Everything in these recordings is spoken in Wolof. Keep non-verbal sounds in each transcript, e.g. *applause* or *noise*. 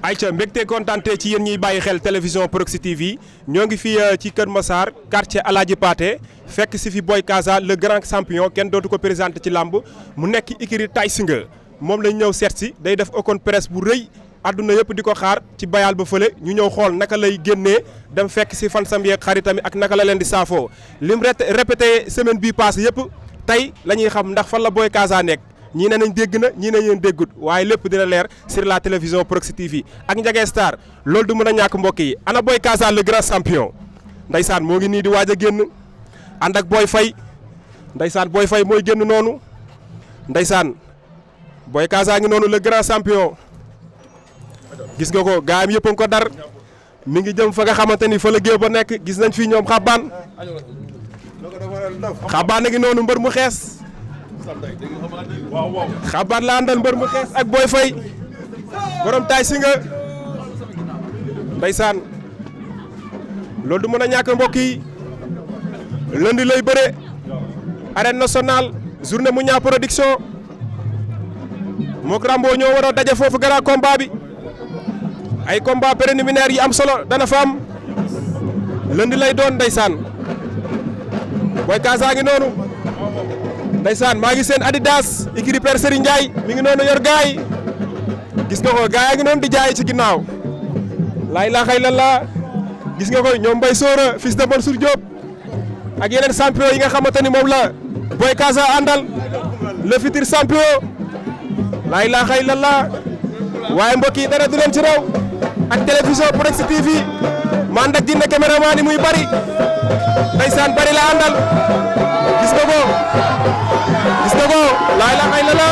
Aïcha mbégte kontante ci yenn ñuy bàyyi xel télévision Proxi TV ñoo ngi fi euh, ci Kër Massar quartier Aladji pate fekk si fi Boy Casa le grand champion kenn dootu ko présenté ci làmb mu nekk Ikiri Taïsinga moom lañu ñëw seet si day def open press bu rëy àdduna yëpp di ko xaar ci bayal ba fële ñu ñëw xool naka lay génnee dem fekk si fansam yeeg xaritam ak naka la leen di saafoo lim répété semaine bii passé yëpp tey la ñuy xam ndax fan la Boy Casa nek ñii ne nañ dégg na ñii ne yéen déggut waaye lépp dina leer sur la télévision Proxi TV ak Ndiaga Star loolu du mën a ñàkk mbokk yi ana Boy Casa le grand champion ndaysaan moo ngi nii di waaj a génn ànd ak Boy fay ndaysaan Boy fay mooy génn noonu ndaysaan Boy Casa ngi noonu la grand champion gis nga ko gaayam yëpp a ko dar mi ngi jëm fa nga xamante ni fa la géew ba nekk gis nañ fi ñoom xabaan xabaan a ngi noonu mbar mu xees xabaar la àndal mbër mu xees ak Boy Faye borom taay si nga ndeysaan loolu du mën a ñàkk mbokk yi lundi lay bëre arène nationale journée mu ñaa production mook Rambo ñoo war a daje foofu gara combat bi ay combat préliminaire yi am solo dana fa am lay doon ndeysaan Boy Kaasa ngi noonu ndeysaan maa ngi seen Adidas ikiri Père Serigne Ndiaye mi ngi noonu yor gaay gis nga ko gaay a ngi noonu di jaay ci ginnaaw laay laa xay lala gis nga ko ñoom Mbaye Sora fils de Mansour Diop ak yeneen champion yi nga xamante ni moom la Boy Casa àndal le futur champion laay laa xay lala waaye mbokk yi dara du leen ci raw ak télévision Proxi TV ma ànd ak jinne caméraman yi muy bari ndeysaan bari la àndal gis nga ko gis nga ko laay la xay la la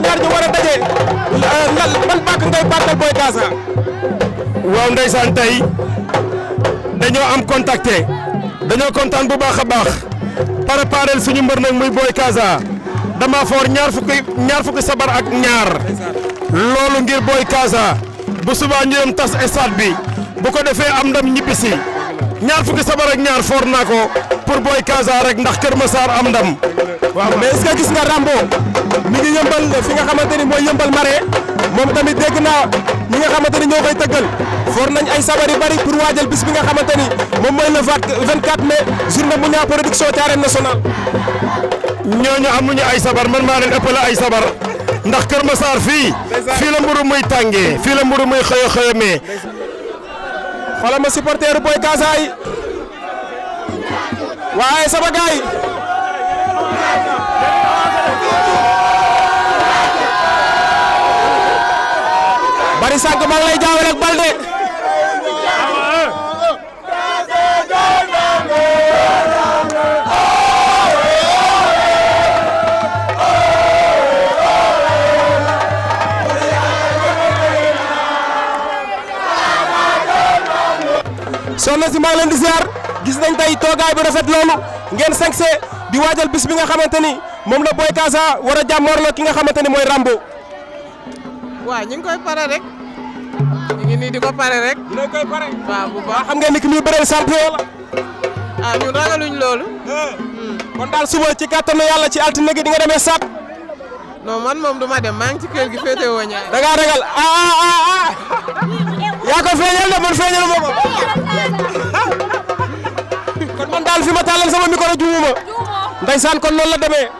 ñoom ñaar ñu war a daje euh, ngal ban pàcc ngay pàccal Boy Gaza. waaw ndeysaan tey dañoo am contacté dañoo contaan bu baax a baax préparel suñu mbër nag muy Boy Gaza dama foor ñaar fukki ñaar fukki sabar ak ñaar loolu ngir Boy Gaza bu subaa ñu dem tas stade bi bu ko defee am ndam ñibbisi ñaar fukki sabar ak ñaar foor naa ko pour Boy Gaza rek ndax Kër Massar am ndam. mais est-ce que Rambo mi ngi yëmbal fi nga xamante ni mooy yëmbal maree moom tamit dégg naa ñi nga xamante ni ñoo koy tëggal for nañ ay sabar bari pour waajal bis bi nga xamante ni moom le 24 mai journée bu ñaa production ci arène nationale. ñooñu amuñu ay sabar man maa leen ëppale ay sabar ndax Kër Massar fii. fii la mburu muy tàngee fii la mburu muy xëy a xëy a ma supporteru Boy Kaasa waaye sama gaay Bari Sank maa lay jaawale Balde. soxna si maa ngi leen di ziar gis nañ tey toogaay bi rafet loolu ngeen sañse di waajal bis bi nga xamanteni mom la Boy Casa wara jamor la ki nga xamanteni moy Rambo. waaw ñu ngi koy paré rek ñu ngi nii di ko pare rek. dinañ koy paré waaw bu ba xam ngeen ni ki muy bëreel champion la. ah ñun ragaluñ loolu. Eh. kon dal suba ci kàttanu yalla ci altine gi di nga démé sap no man mom duma dem maa ngi ci kër gi fété wo ñaar. da nga ragal ah ah ah. ya ko feñal de mon feñal ma ko. *laughs* kon man dal fi ma talal sama micro djumuma ndeysaan kon noonu la demee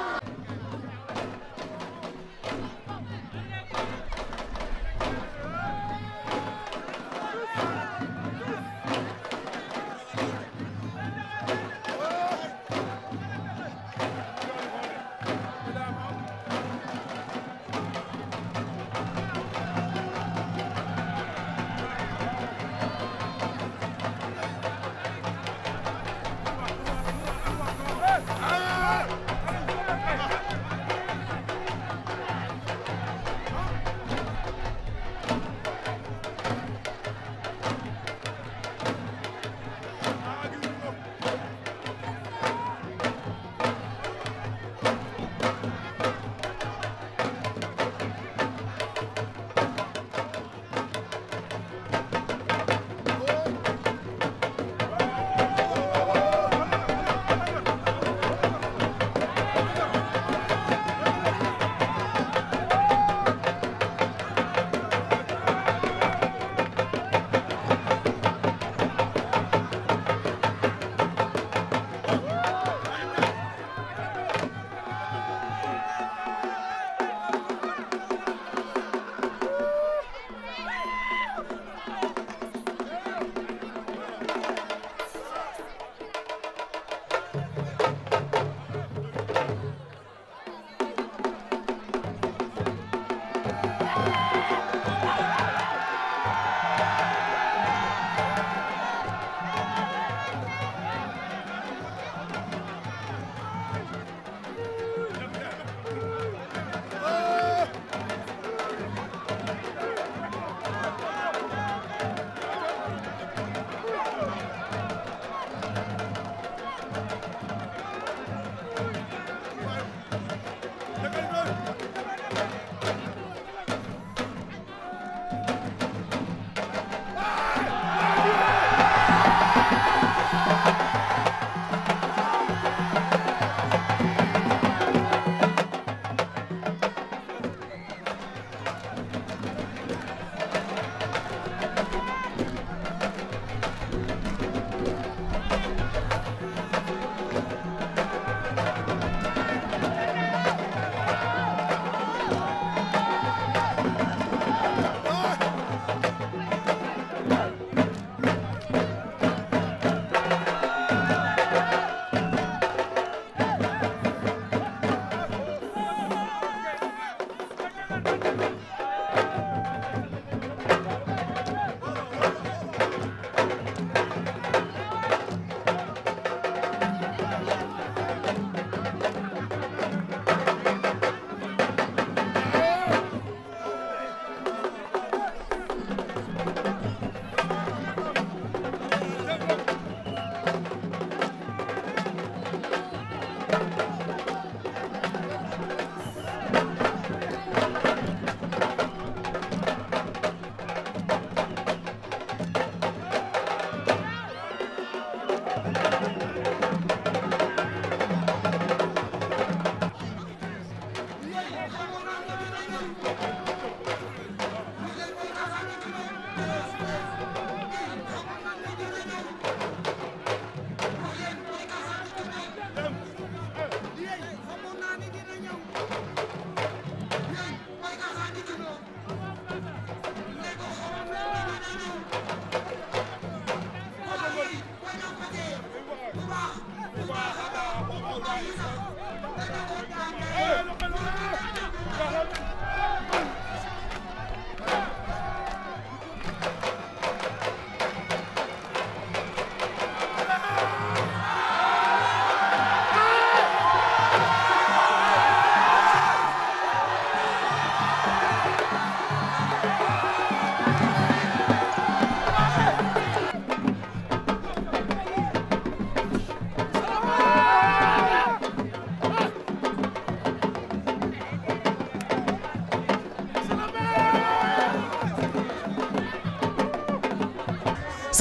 Thank you.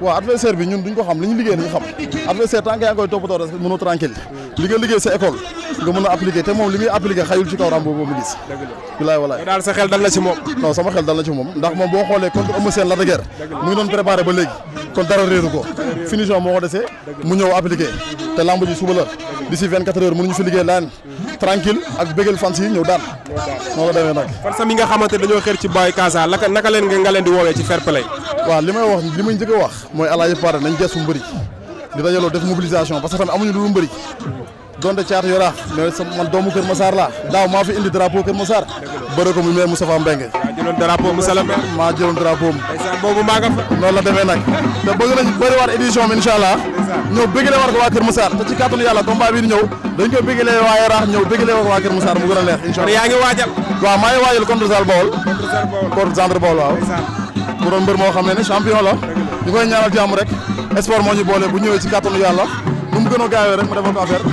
waaw adversaire bi ñun duñ ko xam li liggéey nañu xam adversaire tant yaa ngi koy toppatoo rek mënoo tranquille li nga liggéey sa école nga mën a appliquer te moom li muy appliquer xayul ci kaw Rambo boobu mu gis bilaay walaay sa xel dal na ci moom non sama xel dal na ci moom ndax moom boo xoolee contre Eumeu Sène mu ngi doon préparé ba léegi kon dara réeru ko finition moo ko desee mu ñëw appliquer te lamb ji suba la d'ici 24 heures mënuñu fi tranquille ak bëggal fans yi ñëw daan. moo ko demee nag. nga xamante dañoo xër ci Boy Casa naka naka leen nga leen di woowee ci fair play. waaw li wax li may a wax. mooy alaaji pare nañ gees bu mbëri dajaloo def mobilisation parce que amuñu lu mbëri donte caatu yoraax mais man doomu Kër Massar laa daaw maa fi indi drapeau Kër Massar. bëre ko mu maire Moustapha Mbengue. maa maa jëloon drapeau am. noonu la demee nag. te bëgg nañ bëriwaat édition bi incha ñëw bëggale war ko waa Kër Moussar te ci kàttanu yàlla combat bi di ñëw dañ ko bëggale waa Yaraax ñëw bëggale war ko waa Kër Moussar mu gën a leer inshallah yaa ngi waajal waaw maa waajal contre Bawol contre Zal Bawol waaw mu doon mbër moo xam ne ne champion la ñu koy ñaanal jàmm rek sport moo ñu boole bu ñëwee ci kàttanu yàlla nu mu gën a gaawee rek mu defal ko affaire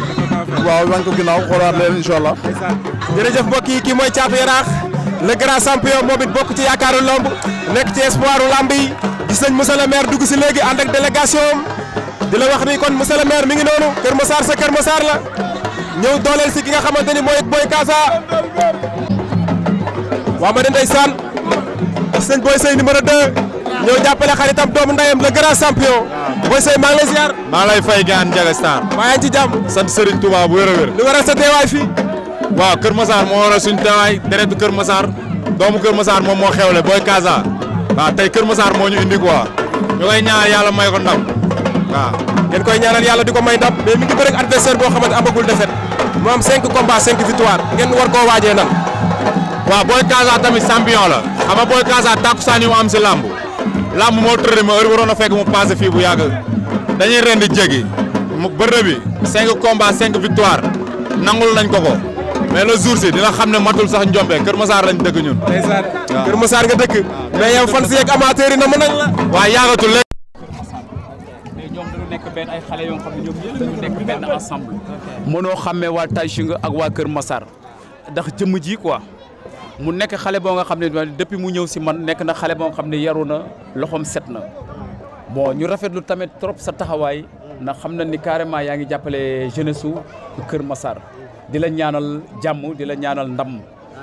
waaw wañ ko ginnaaw xoolaat leen inshallah jërëjëf mbokk yi kii mooy dila wax ni kon monsieur le maire mi ngi noonu Kër Massar sa Kër Massar la ñew dolel ci ki nga xamanteni moy Boy Kaasa wa ma ne ndeysaan seigne Boy Sey numéro 2 ñew jappale xaritam doomu ndayam le grand champion Boy Sey ma ngi lay ziar. ma lay fay gan jaga Star. ma ngi ci jam sant Serigne Touba bu wér a lu wara sa teewaay fii. waaw Kër Massar mo wara suñu teewaay deretu Kër Massar doomu Kër Massar mom mo xewle Boy Kaasa waaw tey Kër Massar mo ñu indi quoi ñu lay ñaar yalla may ko ndam waaw ngeen koy ñaanal yàlla di ko may ndam mais mi ngi bëre ak adversaire boo xamante amagul défaite mu am 5 combats 5 victoire ngeen war koo waajee nan. waaw Boy Casa tamit champion la Ama nga Boy Casa takkusaan yu am si làmb làmb moo tërële ma heure waroon a fekk mu passé fii bu yàgg dañuy ren di jéggi mu bëre bi 5 combats 5 victoire nangul nañ ko ko. mais le jour si dina xam matul sax njombe Kër Massar lañ dëkk ñun. ndeysaan Kër Massar nga dëkk. mais yow fan si yeeg amateur yi na mën la. waaw yaagatul ay xale yoo xam ne ñoom ñëpp ñu nekk benn ak waa Kër Massar ndax jëmm ji quoi mu nekk xale boo nga xam ne depuis mu ñëw si man nekk na xale boo nga xam ne yaru na loxoom set na bon ñu rafetlu tamit trop sa taxawaay ndax xam na ni carrément yaa ngi jàppale jeunesse su Kër Massar di la ñaanal jàmm di la ñaanal ndam.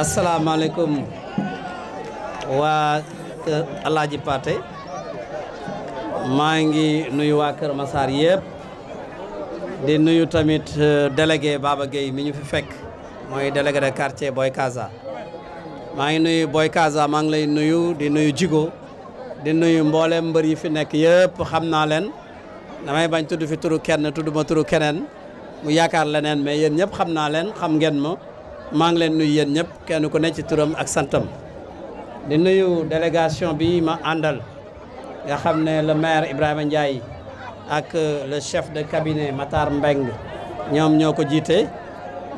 asalaamaaleykum waa kër uh, Alaaji Paate maa ngi nuyu waa Kër Massar yëpp di nuyu tamit uh, délégué Baba Gueye mi ñu fi fekk mooy délégué de quartier Boy Casa maa ngi nuyu Boy Casa maa ngi lay nuyu di nuyu Jigo di nuyu mboolem mbër yi fi nekk yëpp xam naa leen damay bañ tudd fi turu kenn tudd ma turu keneen mu yaakaar leneen mais yéen ñëpp xam naa leen xam ngeen ma. maa ngi leen nuyu yéen ñëpp kenn ku ne ci turam ak santam di nuyu délégation bi ma àndal nga xam ne le maire Ibrahima Ndiaye ak euh, le chef de cabinet Matar Mbeng ñoom ñoo ko jiite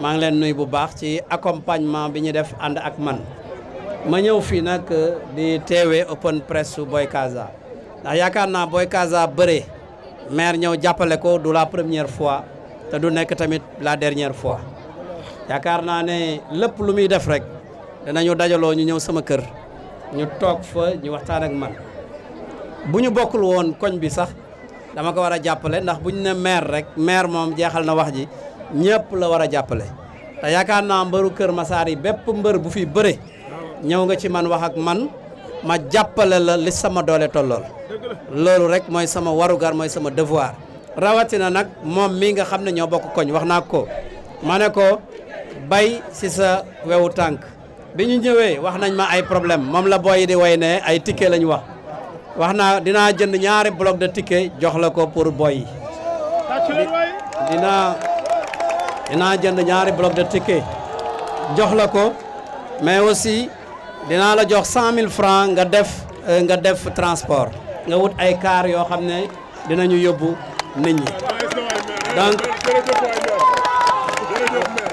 maa ngi leen nuyu bu baax ci accompagnement bi ñu def ànd ak man ma ñëw fii nag euh, di teewee open press Boy Casa ndax yaakaar naa Boy Casa bëree maire ñëw jàppale ko du la première fois te du nekk tamit la dernière fois yaakaar naa ne lépp lu muy def rek danañu dajaloo ñu ñëw sama kër ñu toog fa ñu waxtaan ak man bu ñu bokkul woon koñ bi sax dama ko war a jàppale ndax nawahji ne maire rek maire moom jeexal na wax ji ñëpp la war a jàppale te yaakaar naa mbëru Kër yi bépp bu fi bëre ñëw nga ci man wax ak man ma jàppale la li sama doole tollool loolu rek mooy sama warugar mooy sama devoir rawatina nag moom mii nga xam ne ñoo bokk koñ wax ko ma ko bay si sa wewu tànk bi ñu ñëwee wax nañ ma ay problème moom la booy di woy ne ay ticket lañ wax wax naa dinaa jënd ñaari bloc de ticket jox la ko pour boy yi dinaa jënd ñaari bloc de ticket jox la ko mais aussi dinaa la jox cent mille francs nga def euh, nga def transport nga wut ay car yoo xam ne dinañu yóbbu nit ñi donc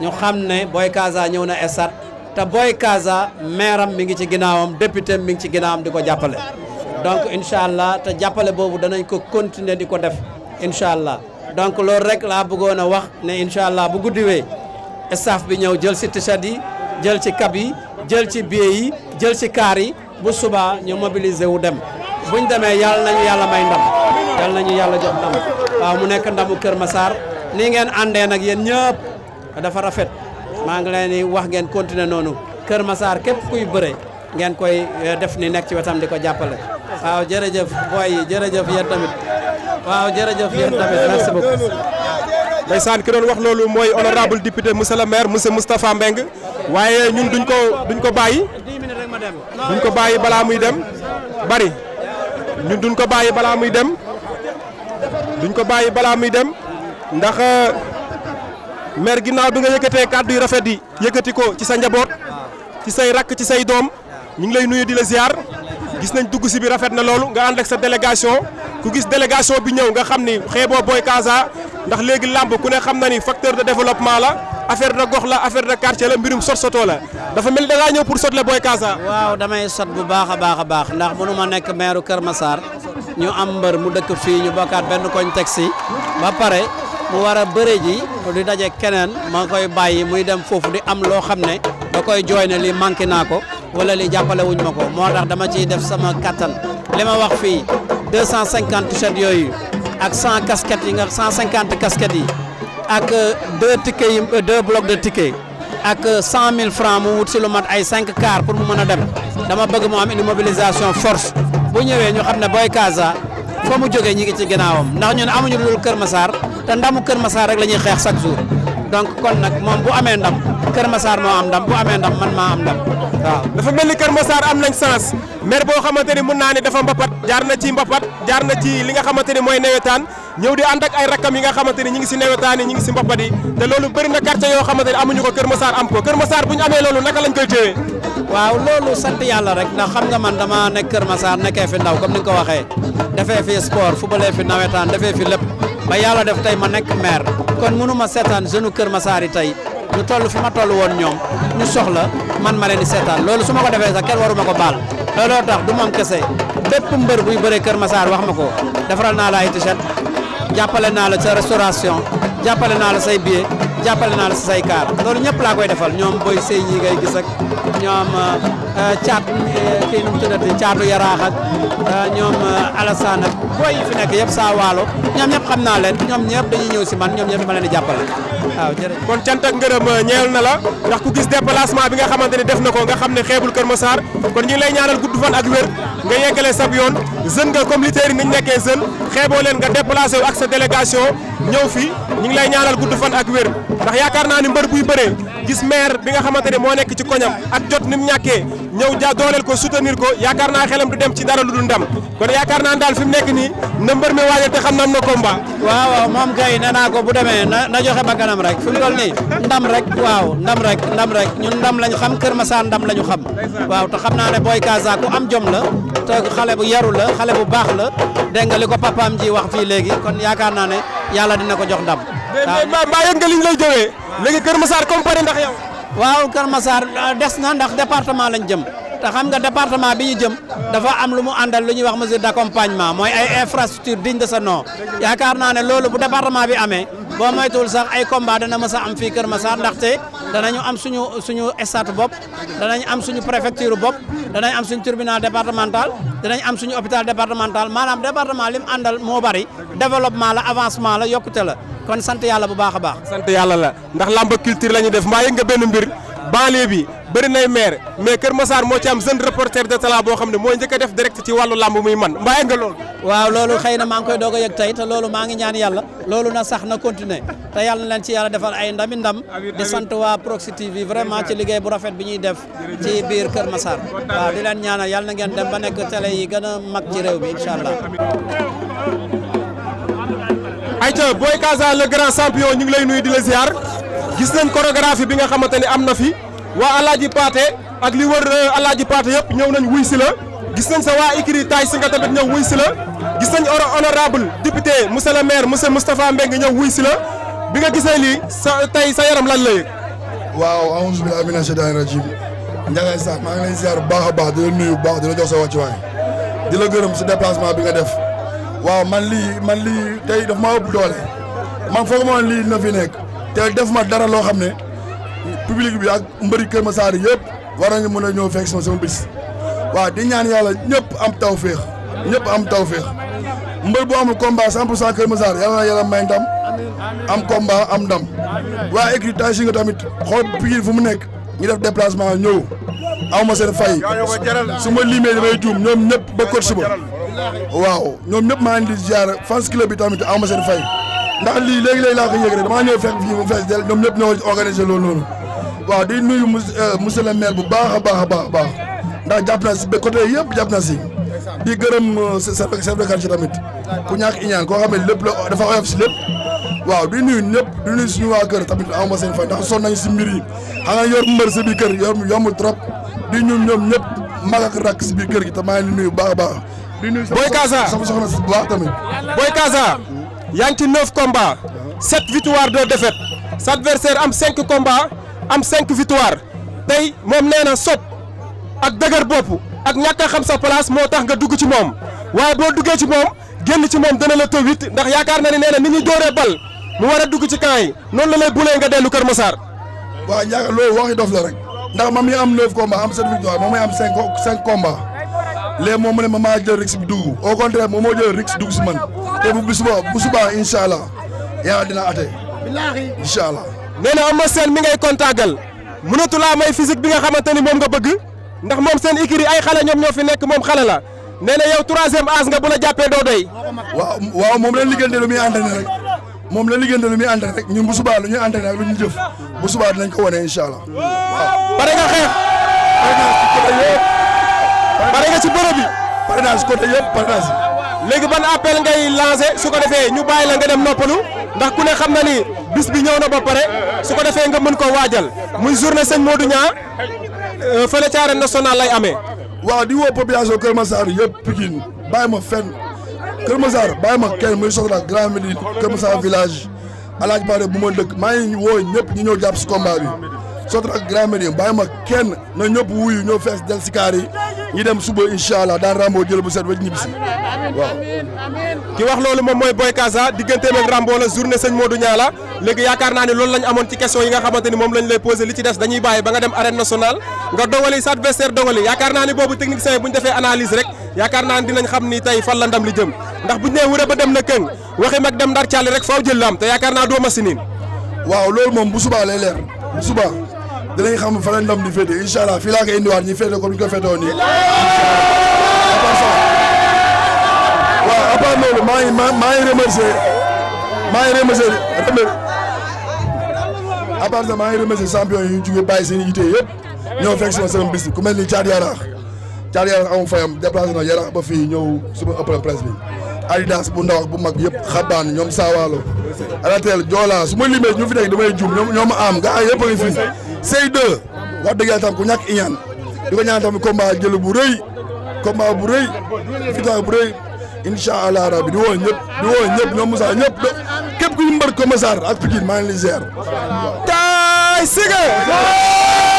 ñu xam ne Boy Casa ñëw na estat te Boy Casa maire mi ngi ci ginnaawam député mi ngi ci ginnaawam di ko jàppale donc incha allah te jàppale boobu danañ ko continuer di ko def inca allah donc loolu rek laa bëggoon a wax ne inca allah bu guddiwee staff bi ñëw jël si t-shirt jël ci cab jël ci billet yi jël ci kaar yi bu subaa ñu mobiliser wu dem buñ demee yàlla nañu yàlla may ndam yàlla nañu yàlla jox ndam waaw mu nekk ndamu Kër Massar ni ngeen àndee ñëpp. dafa rafet maa ngi leen di wax ngeen continuer noonu Kër Massar képp kuy bëre ngeen koy eh, def ni nekk ci wetam di ko jàppale. waaw jërëjëf boy yi jërëjëf yéen tamit waaw jërëjëf yéen tamit merci beaucoup. ndeysaan ki doon wax loolu mooy honorable député monsieur le maire monsieur Moustapha Mbeng waaye ñun duñ ko duñ ko bàyyi. duñ ko bàyyi balaa muy dem bari ñun duñ ko bàyyi balaa muy dem duñ ko bàyyi balaa muy dem ndax. Eh, maire ginnaaw bi nga yëkkatee kàddu yu rafet yi yëkkati ko ci sa njaboot ci say rakk ci say doom ñu ngi lay nuyu di la ziar gis nañ dugg si bi rafet na loolu nga ànd ak sa délégation ku gis délégation bi ñëw nga xam ni xeeboo booy Casa ndax léegi làmb ku ne xam na ni facteur de développement la affaire de gox la affaire de quartier la mbirum sot soto la dafa mel da ngaa ñëw pour la booy Casa. waaw damay sot bu baax a baax a baax ndax mënu ma nekk maire Kër ñu am mbër mu dëkk fii ñu bokkaat benn koñ teg si ba pare. mu war a bëre ji di daje keneen ma koy bàyyi muy dem foofu di am loo xam ne da koy jooy ne li manqué naa ko wala li jàppale wuñ ma ko moo tax dama ciy def sama kattan li ma wax fii 250 t-shirt yooyu ak 100 casquettes yi nga 150 casquettes yi ak euh, deux tickets yi euh, deux blocs de ticket ak 100 euh, 000 francs mu wut si lu mat ay 5 car pour mu mën a dem dama bëgg mu am une mobilisation bu ñëwee ñu xam ne Boy Casa fa mu jógee ñi ngi ci gënaawam ndax ñun amuñu lu Kër Massar té ndamu Kër Massar rek lañuy xex chaque jour donc kon nak mom bu amé ndam Kër Massar mo am ndam bu amé ndam man ma am ndam waaw. dafa melni Kër Massar am nañ sens mer bo xamanteni mën na ni dafa mbapat jaar na ci mbapat jaar na ci li nga xamanteni moy mooy ñew di ànd ak ay rakam yi nga xamanteni ñi ngi ci nawetaan ñi ngi ci mbapat yi té lolu bari na quartier yo xamanteni amuñu ko Kër Massar am ko Kër Massar buñ amé lolu naka lañ koy jëwé waaw loolu sant yàlla rek ndax xam nga man dama nekk Kër Massar nekkee fi ndaw comme ni nga ko waxee defee fi sport fubalee fi nawetaan defee fi lépp ba yàlla def tey ma nekk maire kon mënu ma seetaan jeune Kër Massar yi tey ñu toll fi ma toll woon ñoom ñu soxla man ma leen di seetaan loolu su ma ko defee sax kenn waruma ko baal looloo tax du moom kese bépp mbër buy bëree Kër Massar wax ma ko defaral naa la ay t jàppale naa la sa restauration jàppale naa la say billet jàppale naa la si say kaar loolu ñëpp laa koy defal ñoom boy sëy yi ngay gis ak ñoom caat euh, euh, euh, kii nu mu caatu yaraax ak ñoom Alassane ak boy yi fi nekk yëpp saa waalo ñoom ñëpp xam naa leen ñoom ñëpp dañuy ñëw si man ñoom ñëpp dama leen di jàppale waaw jërëjëf kon cant ak ngërëm ñeel na la ndax ku gis déplacement bi nga xamante ne def na ko nga xam ne xeebul Kër Massar kon ñu ngi lay ñaanal gudd fan ak wér nga yeggale sab yoon jeune nga comme lutteurs yi ni ñu nekkee jeune xeeboo leen nga déplacé wu ak sa délégation ñëw fi ñu ngi lay ñaanal gudd fan ak wér ndax yaakaar naa ni mbër buy bëree gis maire bi nga xamante ne moo nekk ci koñam ak jot ni mu ñàkkee ñëw ja dooleel ko soutenir ko yaakaar naa xelam du dem ci dara lu dul ndam kon yaakaar naa daal fi mu nekk nii na mbër mi waajal te xam na am na combat. waaw waaw moom kay nee naa ko bu demee na joxe ba kanam rek fi mu toll nii ndam rek waaw ndam rek ndam rek ñun ndam lañu xam Kër Masar ndam lañu xam. waaw te xam naa ne Boy Kaza ku am jom la te xale bu yaru la xale bu baax la dégg nga li ko papaam ji wax fii léegi kon yaakaar naa ne yàlla dina ko jox ndam. waaw mais mbaa yëg nga liñ lay jëwee. léegi Kër Masar comparé ndax yow. waaw Kër Masar des na département lañ jëm. te xam nga département bi ñu jëm dafa am lu mu àndal lu ñuy wax mesure d'accompagnement mooy ay infrastructure digne de ce nom yaakaar naa ne loolu bu département bi amee boo moytuwul sax ay combat dana mës a am fii Kër Massar ndaxte danañu am suñu suñu état bopp danañ am suñu préfecture bopp danañ am suñu tribunal départemental danañ am suñu hôpital départemental maanaam département li mu àndal moo bari développement la avancement la yokkute la kon sant yàlla bu baax a baax. sant yàlla la bëri nay maire mais Kër Massar moo ci am jeune reporter de talent boo xam ne mooy njëkk a def direct ci wàllu làmb muy man mbaa nga waaw loolu xëy na maa ngi koy doog a yëg tey te loolu maa ngi ñaan yàlla loolu na sax na continuer te yàlla na leen ci yàlla defal ay ndami ndam di sant waa Proxi TV vraiment ci liggéey bu rafet bi ñuy def ci biir Kër Massar waaw di leen ñaanal yàlla na ngeen dem ba nekk télé yi gën a mag ci réew mi incha allah ayca Boy Casa le grand champion ñu ngi lay nuyu di la ziar gis nañ chorégraphie bi nga xamante ni am na fi waa Alaaji Paate ak li wër euh, Alaaji Paate yëpp ñëw nañ wuy si la gis nañ sa waa écurie Tay Shinga tamit ñëw wuy si la gis nañ honorable député monsieur le maire monsieur Moustapha Mbengue ñëw wuy si la bi nga gisee lii sa tey sa yaram lan la waaw aouzu bi mina shaytaani rajim Ndiaga Sakh maa ngi lay ziar bu baax baax di la nuyu bu baax di la jox sa wàccuwaay di la gërëm si déplacement bi nga def waaw man lii man lii tey daf ma ëpp doole man foog ma lii na fi nekk te def ma dara loo xam ne public bi ak mbëri Kër Massar yëpp war nañu mën a ñëw fekk sama bis waaw di ñaan yalla ñëpp am taw féex ñëpp am taw mbeul bu am combat 100 pour cent Kër yalla yàlla may ndam am combat am ndam waa écrit tay nga tamit xol pigil fu mu nekk ñu def déplacement ñëw aw ma seen fay suma limé damay joom ñom ñëpp ba coach ba waaw ñom ñëpp ma ngi di ziar fans club bi tamit aw ma seen fay ndax li légui lay la ko yegg rek dama ñëw fekk fii mu fees del ñoom ñëpp ñoo organisé loolu noonu waaw di nuyu euh, monsieur le maire bu baax baax a baax a baax ndax jàpp naa si ba côté yëpp jàpp naa si di gërëm euh, chef de quartier ku ñàkk iñaan koo xam ne lépp la dafa oyof si lépp waaw di waa kër tamit aw ma seen fay ndax sonn yor mbër kër yor yombul trop di ñun ñoom ñëpp mag ak rakk gi te maa ngi nuyu bu baax a baax. di nuyu sama soxna si bu baax tamit. Boy Casa yaa ngi ci 9 combats 7 victoires 2 défaites sa adversaire am cinq combats. am cinq victoire tey moom nee na sot ak dëgër bopp ak ñàkk xam sa place moo tax nga dugg ci moom waaye boo duggee ci moom génn ci moom dana la tëw it ndax yaakaar na ni nee na ni ñuy dóoree bal mu war a dugg ci camp yi noonu la lay bulee nga dellu Kër Massar. waaw ñaaka loolu waxi dof la rek ndax man mi am neuf combats am sept victoire moom may am cinq cinq combats léegi moom mu ne ma maa jël risque bi dugg au contraire moom moo jël risque dugg si man te bu subaa bu subaa incha allah yàlla dina ate incha allah nee na Eumeu Sène mi ngay kontaagal mënatu laa may physique bi nga xamante ni moom nga bëgg ndax moom seen écurie ay xale ñoom ñoo fi nekk moom xale la nee na yow troisième âge nga bu la jàppee doo doy. waaw waaw moom lañ liggéeyante lu muy entraîné rek moom lañ liggéeyante lu muy entraîné rek ñun bu subaa lu ñuy entraîné ak lu ñuy jëf bu subaa dinañ ko wane incha allah waaw. pare nga xeex. pare nga ci bërëb pare naa si côté yëpp pare naa léegi ban appel ngay lancé su ko defee ñu bàyyi la nga dem noppalu ndax ku ne xam ni. bis bi ñëw na ba pare su ko defee nga mën ko waajal muy journée sëñ Modou moo euh, fële ca arène nationale lay amee. waaw di woo population Kër Massar yëpp Pikine bàyyi ma fenn Kër Massar bàyyi ma kenn muy soxla Grand Médine Kër Massar village alaaj Ba bu ma dëkk maa ngi ñëpp ñu ñëw jàpp si combat bi soxla Grand Médine bàyyi ma kenn na ñëpp wuyu ñëw fees del yi. ñu dem suba incha allah daan Rambo jël bu set ba ñibbi si waaw. ki wax loolu moom mooy Boy Casa digganteem ak Rambo la journée sëñ Modou Niala léegi yaakaar naa ne loolu lañ amoon ci question yi nga xamante ni moom lañ lay posé li ci des dañuy bàyyi ba nga dem arène nationale nga dogali sa adversaire dogali yaakaar naa ni boobu technicien yi bu ñu defee analyse rek yaakaar naa ne dinañ xam ni tey fan la ndam li jëm ndax bu ñu nee wure ba dem na këng waxi mag dem ndar càlli rek faaw jël la am te yaakaar naa doo machine waaw loolu moom dinañ xam fa la ndam di féete incha allah fii laa koy indiwaat ñu féete ko duñ ko féetewoo nii. waaw à part loolu maa ngi maa maa ngi remercier yi ñu jógee bàyyi seen ñoo fekk sama sama ku mel ni Thiat Yaraax Thiat Yaraax amul fayam déplacé na Yaraax ba fii ñëw suba open press bi. Adidas bu ndaw ak mag yëpp xabaan ñoom saawaalo Aratel Joola su ma limee ñu fi nekk damay jum ñoom am gaa yëpp a fi. Seyde wax dëgg yàlla tam ku ñàkk iñaan di ko ñaan tamit jël bu rëy combat bu rëy victoire bu rëy incha allah rabi di woo ñëpp di woo ñëpp ñoom Moussa ñëpp ku ñu mbër ak Pikine maa ngi lay ziar.